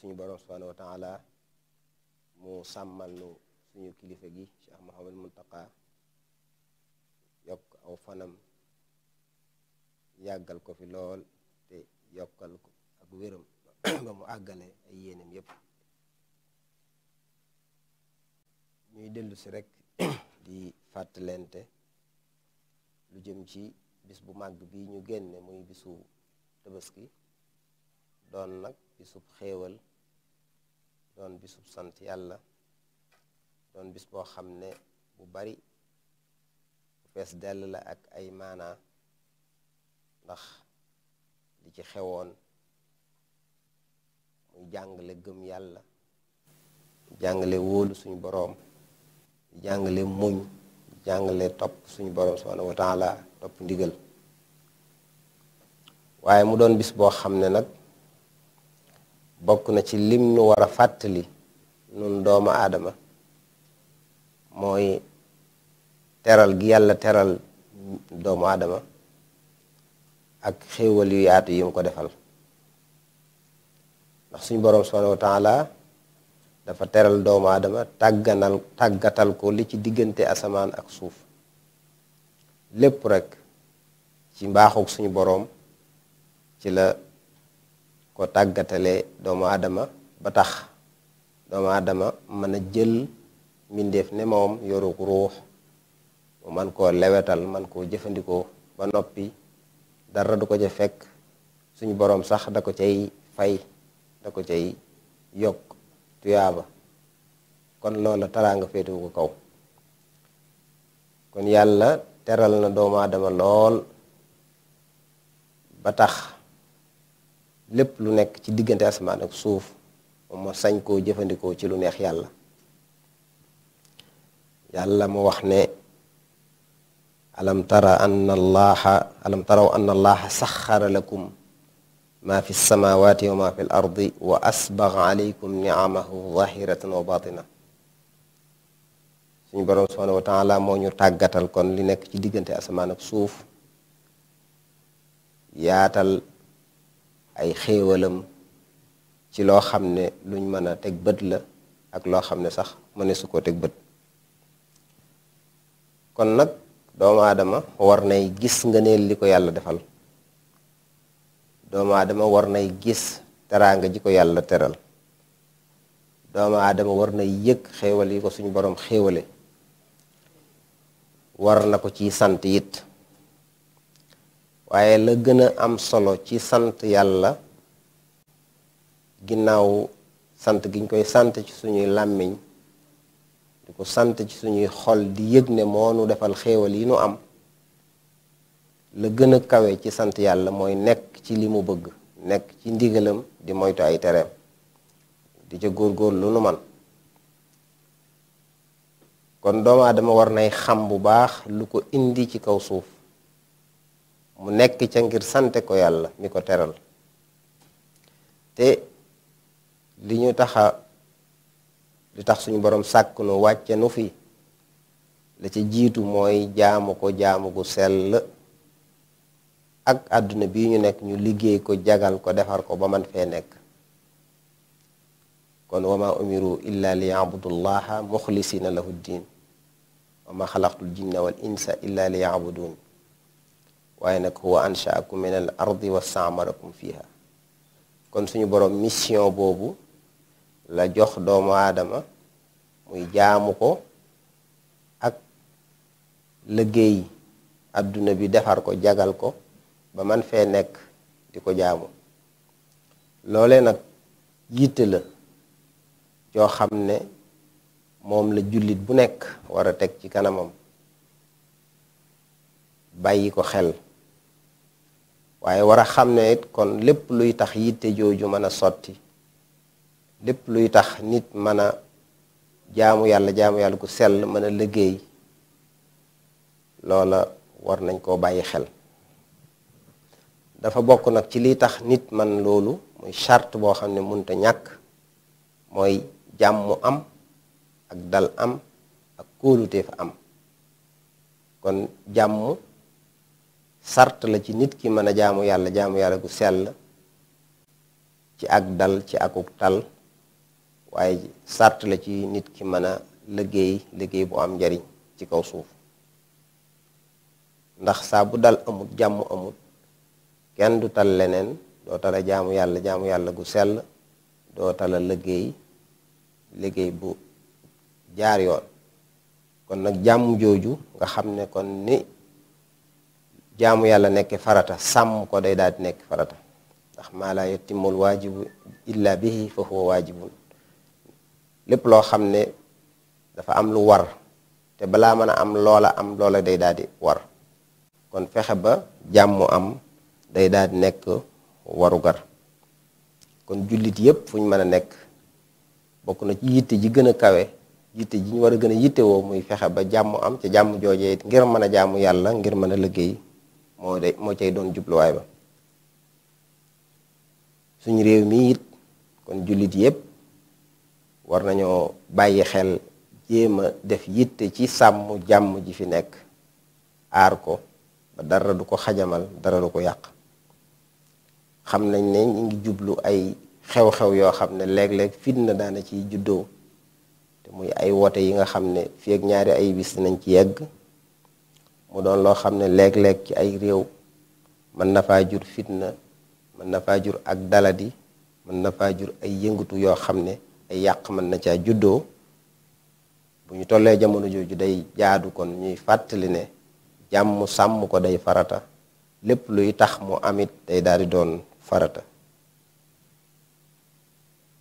suñu borom subhanahu wa taala mu sàmmal nu suñu kilifa gi Cheikh Mouhamadou Mountakha yokk aw fanam yàggal ko fi lool te yokkal ko ak wéram ba mu àggale ay yéenam yépp ñuy dellu si rek di fàttalente lu jëm ci bis bu màgg bi ñu génne muy bisu tabaski doon nag bisub xéewal doon bisub sant yàlla doon bis boo xam ne bu bari bu fees dell la ak ay maana ndax li ci xewoon muy jàngale gëm yàlla jàngale wóolu suñ boroom jàngale muñ jàngale topp suñu boroom subhanahu wa taala topp ndigal waaye mu doon bis boo xam ne nag bokk na ci lim nu war fàttali nun doomu aadama mooy teral gi yàlla teral doomu aadama ak xéewal yu yaatu yi ko defal ndax suñ boroom subhanahu wa taala dafa teral doomu aadama tàgganal tàggatal ko li ci diggante asamaan ak suuf lépp rekk ci mbaaxug suñu boroom ci la ko tàggatalee doomu aadama ba tax doomu aadama mën a jël mbindeef ne moom yorug ruux mu man koo lewetal man koo jëfandikoo ba noppi dara du ko ca fekk suñu boroom sax da ko cay fay da ko cay yokk tuyaaba kon loola taraanga féetewu ko kaw kon yàlla teral na doomu adama lool ba tax lépp lu nekk ci diggante asamaan ak suuf moo sañ koo jëfandikoo ci lu neex yàlla yàlla mu wax ne alam tara anna allaha alam taraw lakum ma fi samawati wa ma fi l ardi wa asbaga alaykum niamahu zahiratan wa batina suñu boroom subhanahu wa taala moo ñu tàggatal kon li nekk ci diggante asamaan ak suuf yaatal ay xéewalam ci loo xam ne lu luñ mën a teg bët la ak loo xam ne sax mëne su ko teg bët kon nag doomu aadama war nay gis nga neel li ko yàlla defal doomu aadama war nay gis teraanga ji ko yàlla teral doomu aadama war na yëg xéewal yi ko suñu boroom xéewale war na ko ci sant it waaye la gën a am solo ci sant yàlla ginnaaw sant giñ koy sant ci suñuy làmmiñ di ko sant ci suñuy xol di yëg ne moo nu defal xéewal yi nu am la gën a kawe ci sant yàlla mooy nekk ci li mu bëgg nekk ci ndigalam di moytu ay tereem di ca góor-góor lu nu man kon doomu dama war nay xam bu baax lu ko indi ci kaw suuf mu nekk ca ngir sante ko yàlla mi ko teral te li ñu taxa li tax suñu boroom sàkk nu wàcce nu fi la ca jiitu mooy jaamu ko jaamu gu sell ak àdduna bi ñu nekk ñu liggéey ko jagal ko defar ko ba man fee nekk kon wa ma umiru illa li yabudullaha muxlisina lahu ddin wa ma xalaqtul jinna wal insa li yabudun waaye nag huwa anshaakum min al ardi wa staamarakum fiha kon suñu boroom mission boobu la jox doomu aadama muy jaamu ko ak liggéey adduna bi defar ko jagal ko ba man fee nekk di ko jaamu loole nag yitte la joo xam ne moom la jullit bu nekk war a teg ci kanamam bàyyi ko xel waaye war a xam ne it kon lépp luy tax yitte jooju mën a sotti lépp luy tax nit mën a jaamu yàlla jaamu yàlla ku sell mën a liggéey loola war nañ koo bàyyi xel dafa bokk nag ci liy tax nit man loolu muy charte boo xam ne munta ñàkk mooy jàmm am ak dal am ak kóolute am kon jàmm sart la ci nit ki mën a jaamu yàlla jaamu yàlla gu sell ci ak dal ci akuk tal waaye sart la ci nit ki mën a liggéey liggéey bu am njariñ ci kaw suuf ndax saa bu dal amut jàmm amut kenn du tal leneen doo tala jaamu yàlla jaamu yàlla gu sell doo tala liggéey liggéey bu jaar yoon kon nag jàmm jooju nga xam ne kon ni jaamu yàlla nekk farata sàmm ko day daal di nekk farata ndax maa laa yatimul waajibu illa bihi fa huwa waajibun lépp loo xam ne dafa am lu war te balaa mën a am loola am loola day daal di war kon fexe ba jàmmu am day daal di nekk warugar kon jullit yépp fu ñu mën a nekk bokk na ci yitte ji gën a kawe yitte ji ñu war a gën a yitte woo muy fexe ba jàmm am ca jàmm joojee ngir mën a jaamu yàlla ngir mën a liggéey moo de moo cay doon jubluwaay ba suñu réew mi it kon jullit yépp war nañoo bàyyi xel jéem a def yitte ci sàmm jàmm ji fi nekk aar ko ba dara du ko xajamal dara du ko yàq xam nañ ne ñu ngi jublu ay xew-xew yoo xam ne léeg-léeg fitna daana ci juddoo te muy ay wote yi nga xam ne fi ak ñaari ay bis nañ ci yegg mu doon loo xam ne léeg-léeg ci ay réew mën na faa jur fitna mën na faa jur ak daladi mën na faa jur ay yëngutu yoo xam ne ay yàq mën na caa juddoo bu ñu tollee jamono jooju day jaadu kon ñuy fàttali ne jàmm sàmm ko day farata lépp luy tax mu amit day daal di doon farata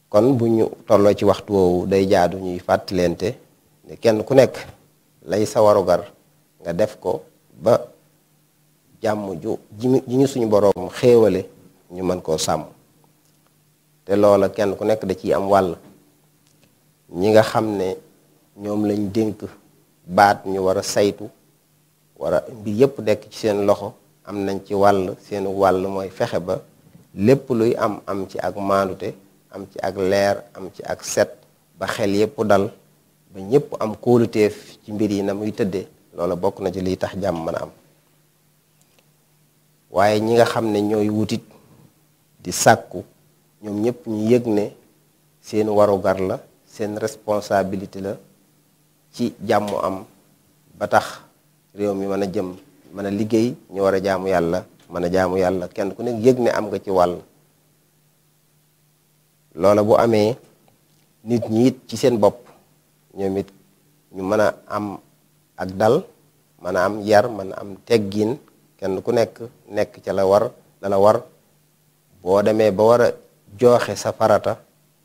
kon bu ñu tolloo ci waxtu woowu day jaadu ñuy fàttalente ne kenn ku nekk lay sa nga def ko ba jàmm ju ji ñu suñu boroom xéewale ñu mën koo sàmm te loola kenn ku nekk da ciy am wàll ñi nga xam ne ñoom lañ dénk baat ñu war a saytu war a mbir yépp nekk ci seen loxo am nañ ci wàll seen wàll mooy fexe ba lépp luy am am ci ak maandute am ci ak leer am ci ak set ba xel yépp dal ba ñépp am kóoluteef ci mbir yi na muy tëddee loola bokk na ci lii tax jàmm mën a am waaye ñi nga xam ne ñooy wutit di sàkku ñoom ñépp ñu yëg ne seen warugar la seen responsabilité la ci jàmmu am ba tax réew mi mën a jëm mën a liggéey ñu war a jaamu yàlla mën a jaamu yàlla kenn ku nekk yëg ne am nga ci wàll loola bu amee nit ñi it ci seen bopp ñoom it ñu mën a am ak dal mën am yar mën a am teggiin kenn ku nekk nekk ca la war la war boo demee ba war a jooxe sa farata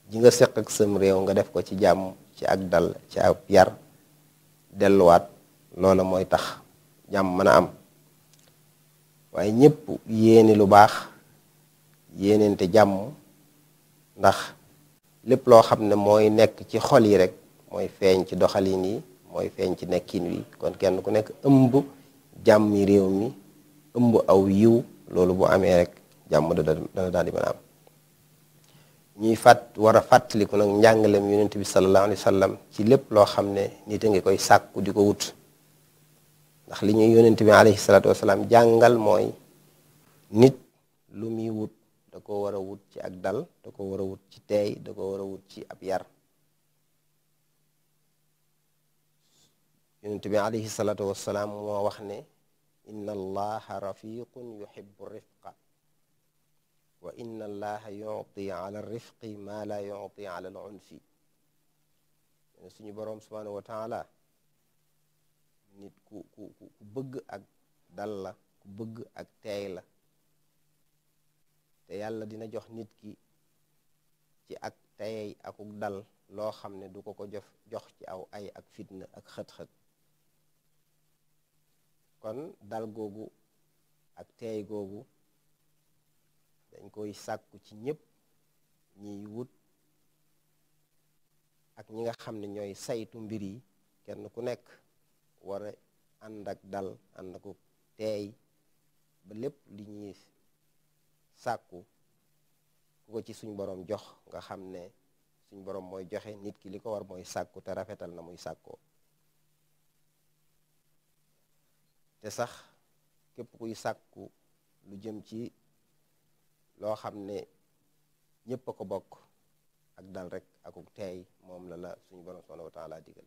ji nga seq ak sam réew nga def ko ci jàmm ci ak dal ci ab yar delluwaat loola mooy tax jàmm mën a am waaye ñépp yéene lu baax yéenente jàmm ndax lépp loo xam ne mooy nekk ci xol yi rek mooy feeñ ci doxalin yi mooy feeñ ci nekkin wi kon kenn ku nekk ëmb jàmmi réew mi ëmb aw yiw loolu boo amee rek jàmm dana daal di mën ñuy fàtt war a fàttaliku nag njàngalem yonent bi sallallahu alayhi wa ci lépp loo xam ne nit a ngi koy sàkku di ko wut ndax li ñuy yonent bi alayhi salaatu wasalaam jàngal mooy nit lu muy wut da ko war a wut ci ak dal da ko war a wut ci teey da ko war a wut ci ab yar yonent bi alayhi salaatu wassalaam moo wax ne inna allaha rafiqun yuhibbu rifqa wa inna allaha yuti ala rifqi ma al unfi suñu boroom subhaanahu wa taala nit ku ku ku bëgg ak dal la ku bëgg ak teey la te yàlla dina jox nit ki ci ak teyey akuk dal loo xam ne du ko ko jox ci aw ay ak fitna ak xët-xët kon dal googu ak teey googu dañ koy sàkku ci ñépp ñiy wut ak ñi nga xam ne ñooy saytu mbir yi kenn ku nekk war a ànd ak dal ànd ak teey ba lépp li ñuy sàkku ku ko ci suñ boroom jox nga xam ne suñ boroom mooy joxe nit ki li ko war mooy sàkku te rafetal na muy sàkkoo te sax képp kuy sàkku lu jëm ci loo xam ne ñépp a ko bokk ak dal rek akuk teey moom la la suñu borom subhanahu wa taala digal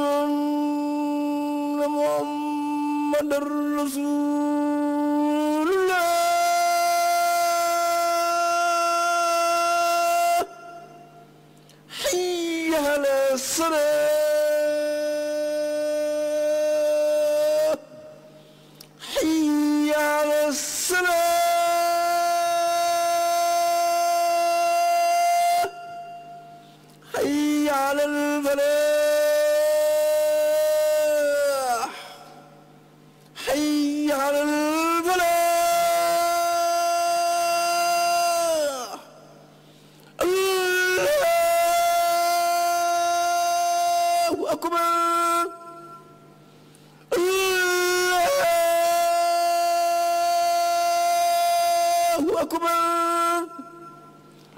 allahu akbar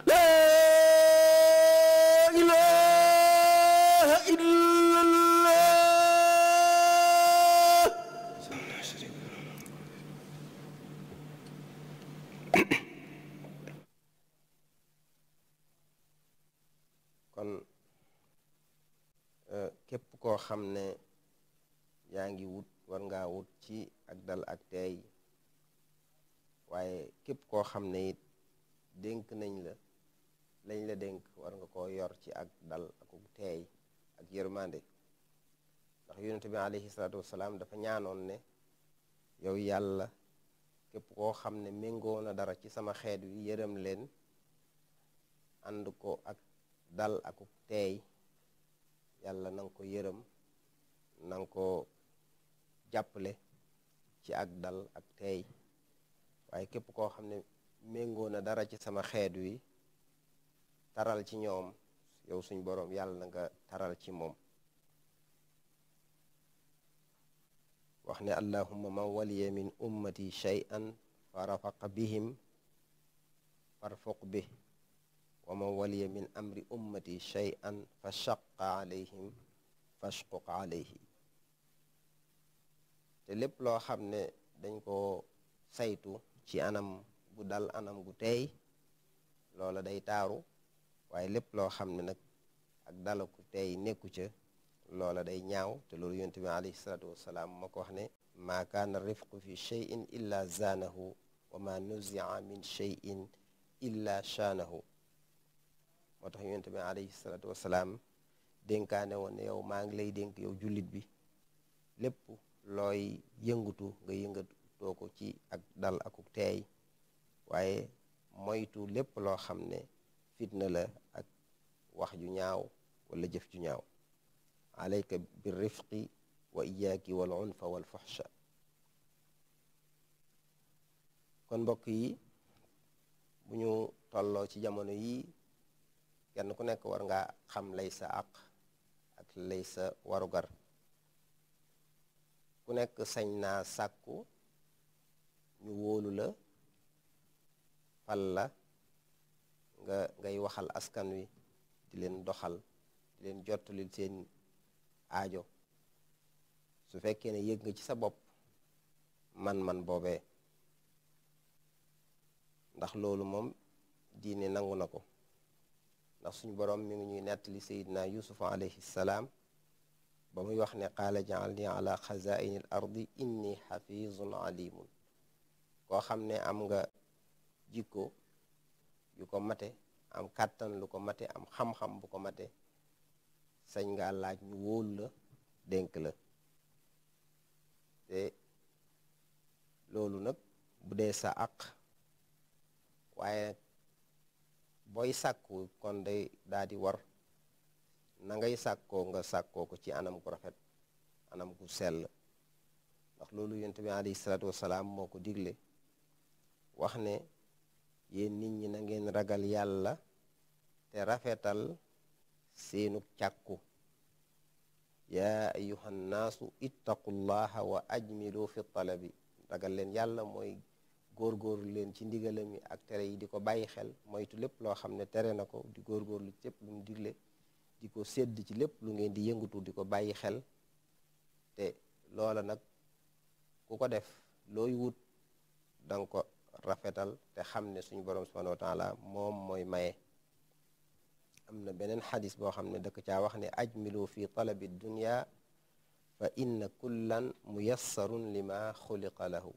la kon eh, képp koo xam ne yaa ngi wut war ngaa wut ci ak dal ak teey waaye képp koo xam ne it dénk nañ la lañ la dénk war nga koo yor ci ak dal ak teey ak yërmande ndax yonente bi alayhi salaatu wasalaam dafa ñaanoon ne yow yàlla képp koo xam ne méngoo na dara ci sama xeet wi yërëm leen ànd ko ak dal ak teey yàlla nanga ko yërëm nanga ko jàppale ci ak dal ak teey waaye képp koo xam ne méngoo na dara ci sama xeet taral ci ñoom yow suñ boroom yàlla na nga taral ci moom wax ne allahumma man waliya min ummati shay'an fa rafaqa bihim farfuq bih wa man waliya min amri ummati shay'an fa shaqqa alayhim fashquq alayhi te lépp loo xam ne dañ ko saytu ci anam gu dal anam gu teey loola day taaru waaye lépp loo xam ne nag ak dalaku teey nekku ca loola day ñaaw te loolu yonent bi alayhi salaatu wasalaam moo ko wax ne maa kaana rifqu fi cheyin illa zaanahu wa ma nuzia min cheyin illa shaanahu moo tax yonent bi alayhi salaatu wasalaam dénkaane woon ne yow maa ngi lay dénk yow jullit bi lépp looy yëngatu nga yëngatu doo ci ak dal akuk teey waaye moytu lépp loo xam ne fitna la ak wax ju ñaaw wala jëf ju ñaaw alayka bi rifqi wa iyaaki wal unfa wal fuxsha kon mbokk yi bu ñu tolloo ci jamono yi kenn ku nekk war nga xam lay sa àq ak lay warugar ku nekk sañ naa sàkku ñu wóolu la fal la nga ngay waxal askan wi di leen doxal di leen jottali seen aajo su fekkee ne yëg nga ci sa bopp man-man boobee ndax loolu moom diine nangu na ko ndax suñu boroom mi ngi ñuy nettali sayidna yusufa alayhi salaam ba muy wax ne qaala jaalni ala xazaini al ardi inni xafizun alimun koo xam ne am nga jikko yu ko mate am kàttan lu ko mate am xam-xam bu ko mate sañ nga laaj ñu wóol la dénk la te loolu nag bu dee sa àq waaye booy sàkku kon day daa war na ngay sàkkoo nga sàkkoo ko ci anam gu rafet anam gu sell ndax loolu yonent bi alayhi salaatu wasalaam moo ko digle wax ne yéen nit ñi na ngeen ragal yàlla te rafetal seenu càkku yaa ayuhan naasu ittaqullaha wa ajmilu fi talabi ragal leen yàlla mooy góorgóorlu leen ci ndigalam mi ak tere yi di ko bàyyi xel moytu lépp loo xam ne tere na ko di góorgóorlu ci lépp lu mu digle di ko sedd ci lépp lu ngeen di yëngatu di ko bàyyi xel te loola nag ku ko def looy wut danga ko rafetal te xam ne suñu borom subhanahu wa taala moom mooy maye am na beneen xadis boo xam ne dëkk ca wax ne ajmilu fi talabi dunya fa inna kullan muyassarun lima xuliqa lahu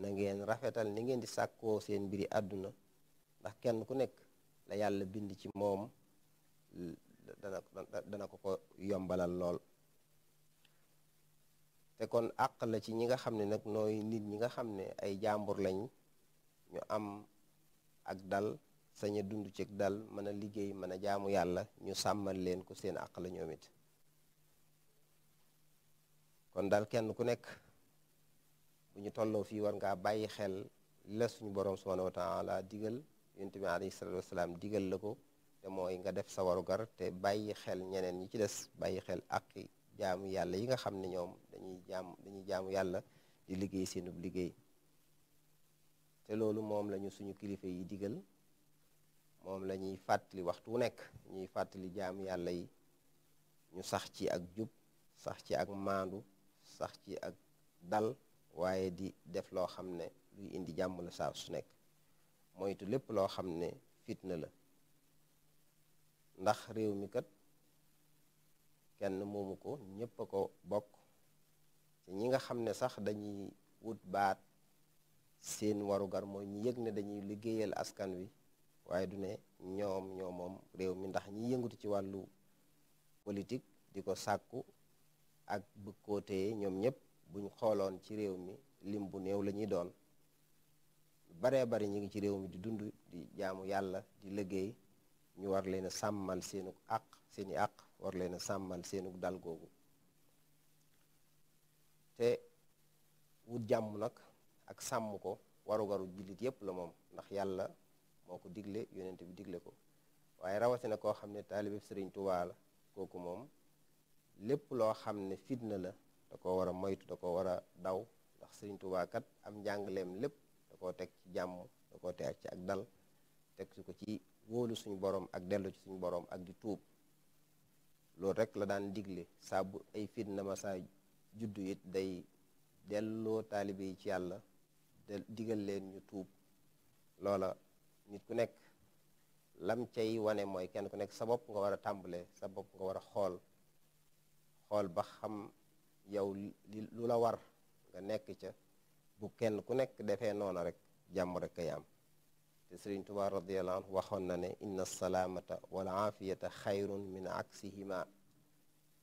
na ngeen rafetal ni ngeen di sàkkoo seen mbiri àdduna ndax kenn ku nekk la yàlla bind ci moom dana ko ko yombalal lool te kon àq la ci ñi nga xam ne nag nooy nit ñi nga xam ne ay jàmbur lañ ñu am ak dal sañ a dund ci dal mën a liggéey mën a jaamu yàlla ñu sàmmal leen ko seen àq la ñoom kon dal kenn ku nekk bu ñu tolloo fii war ngaa bàyyi xel li la suñu borom subhanahu wa taala digal yonent bi alayhi salatu la ko te mooy nga def sa warugar te bàyyi xel ñeneen ñi ci des bàyyi xel ak jaamu yàlla yi nga xam ne ñoom dañuy jaam dañuy jaamu yàlla di liggéey seenub liggéey te loolu moom lañu suñu kilifa yi digal moom lañuy ñuy fàttali waxtu wu nekk ñuy fàttali jaam yàlla yi ñu sax ci ak jub sax ci ak maandu sax ci ak dal waaye di def loo xam ne luy indi jàmm la saa su nekk moytu lépp loo xam ne fitna la ndax réew mi kat kenn moomu ko ñépp a ko bokk ci ñi nga xam ne sax dañuy wut baat seen warugar mooy ñu yëg ne dañuy liggéeyal askan wi waaye du ne ñoom ñoomoom réew mi ndax ñi yëngatu ci wàllu politik di ko sàkku ak bëgg koo téye ñoom ñëpp buñ xooloon ci réew mi lim bu néew la doon baree bari ñu ngi ci réew mi di dund di jaamu yàlla di liggéey ñu war leen sàmmal seenu àq seeni àq war leen a sàmmal seenu dal googu te wut jàmm nag ak sàmm ko warugaru jullit yépp la moom ndax yàlla moo ko digle yonent bi digle ko waaye rawati rawatina koo xam ne taalibe sëriñ Tuubaa la kooku moom lépp loo xam ne fitna la da ko war a moytu da ko war a daw ndax sëriñ Tuubaa kat am njàngaleem lépp da koo teg ci jàmm da koo teg ci ak dal teg su ko ci wóolu suñu boroom ak dellu ci suñu boroom ak di tuub loolu rek la daan digle saa ay fitna ma saa juddu it day delloo taalibe yi ci yàlla digal leen ñu tuub loola nit ku nekk lam cay wane mooy kenn ku nekk sa bopp nga war a tàmbale sa bopp nga war a xool xool ba xam yow lu la war nga nekk ca bu kenn ku nekk defee noona rek jàmm rek kay am te Sëriñ Tuubaa radiyallahu anhu waxoon na ne inna salaamata wal aafiyata xayrun min aksihima